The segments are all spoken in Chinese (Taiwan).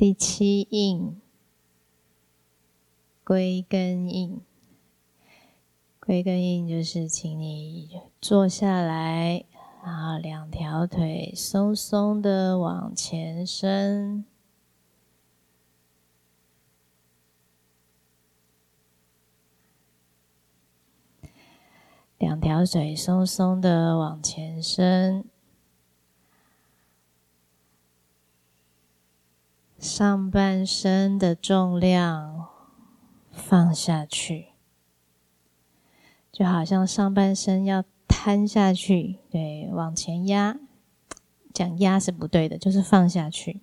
第七印，歸根印。歸根印就是，請你坐下來，然後兩條腿鬆鬆的往前伸，兩條腿鬆鬆的往前伸。上半身的重量放下去，就好像上半身要癱下去，對，往前壓。講壓是不對的，就是放下去。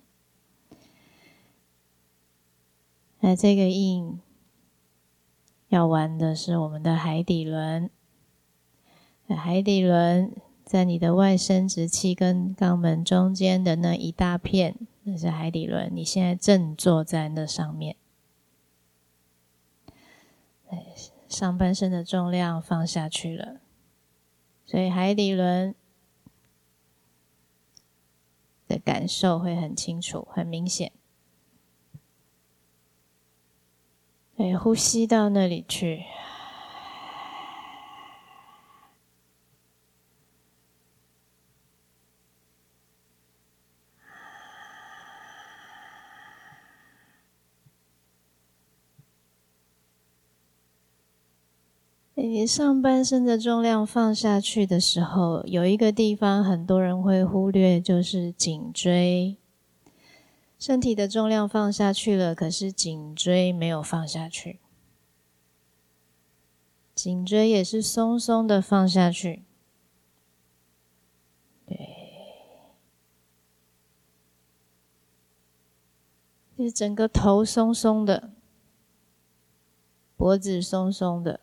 那，這個印要玩的是我們的海底輪，海底輪。在你的外生殖器跟肛門中間的那一大片，那是海底輪。你現在正坐在那上面，哎，上半身的重量放下去了，所以海底輪的感受會很清楚、很明顯。哎，呼吸到那裡去。欸，你上半身的重量放下去的時候，有一個地方很多人會忽略，就是頸椎。身體的重量放下去了，可是頸椎沒有放下去，頸椎也是鬆鬆的放下去。對，就是整個頭鬆鬆的，脖子鬆鬆的。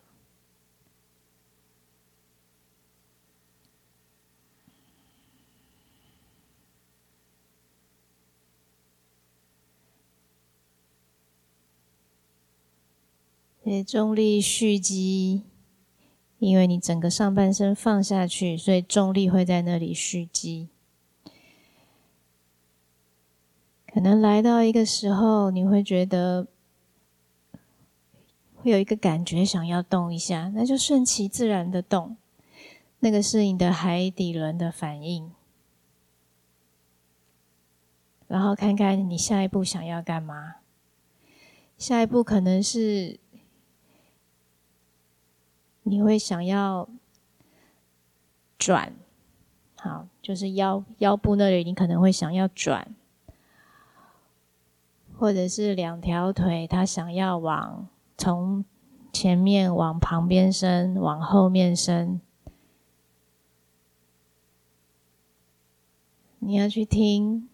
重力蓄積，因為你整個上半身放下去，所以重力會在那裡蓄積。可能來到一個時候，你會覺得會有一個感覺，想要動一下，那就順其自然的動。那個是你的海底輪的反應。然後看看你下一步想要幹嘛。下一步可能是。你會想要轉，好，就是腰腰部那裡，你可能會想要轉，或者是兩條腿，它想要往從前面往旁邊伸，往後面伸。你要去聽，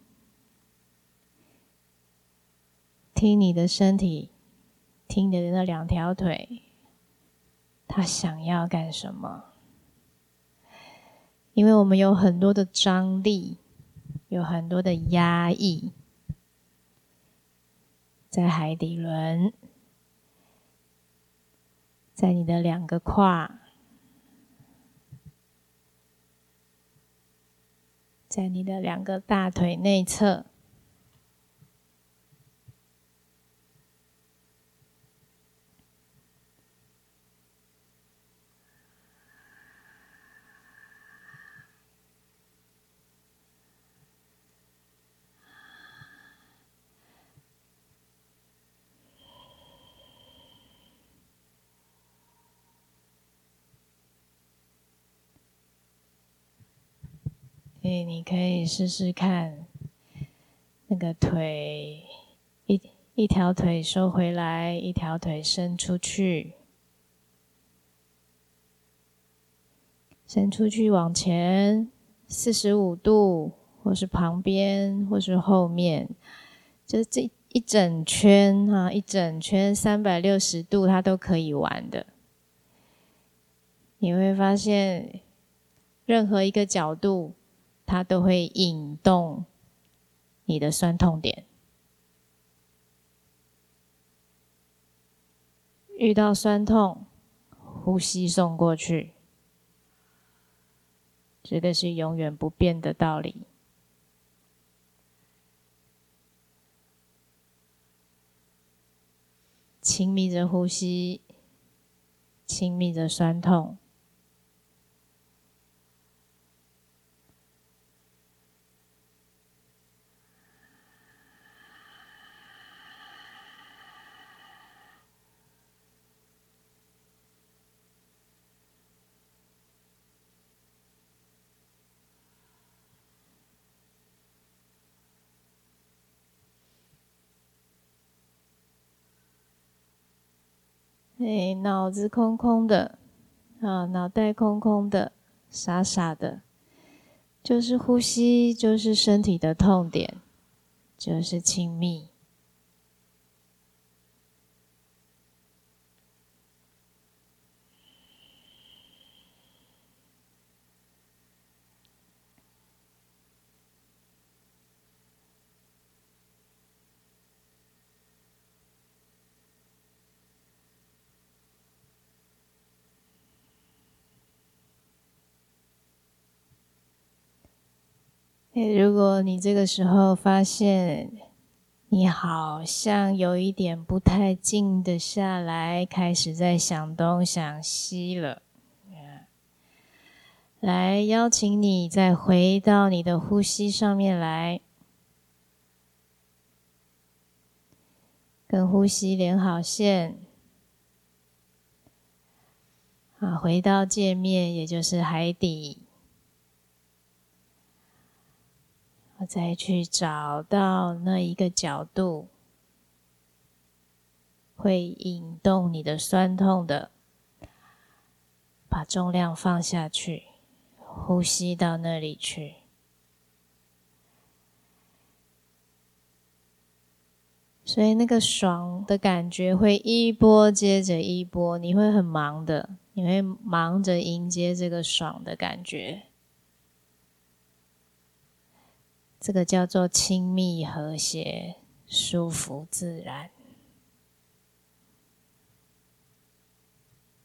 聽你的身體，聽你的那兩條腿。他想要幹什麼？因為我們有很多的張力，有很多的壓抑，在海底輪，在你的兩個胯，在你的兩個大腿內側。你可以試試看，那個腿，一一條腿收回來，一條腿伸出去，伸出去往前四十五度，或是旁邊，或是後面，就這一整圈啊，一整圈三百六十度，它都可以玩的。你會發現，任何一個角度。它都會引動你的痠痛點。遇到痠痛，呼吸送過去，這個是永遠不變的道理。親密的呼吸，親密的痠痛。誒，腦子空空的，啊，腦袋空空的，傻傻的，就是呼吸，就是身體的痛點，就是親密。如果你這個時候發現你好像有一點不太靜得下來，開始在想東想西了，嗯、來邀請你再回到你的呼吸上面來，跟呼吸連好線，啊，回到界面，也就是海底。我再去找到那一個角度，會引動你的酸痛的，把重量放下去，呼吸到那裡去。所以那個爽的感覺會一波接着一波，你會很忙的，你會忙着迎接這個爽的感覺。這個叫做親密和諧，舒服自然。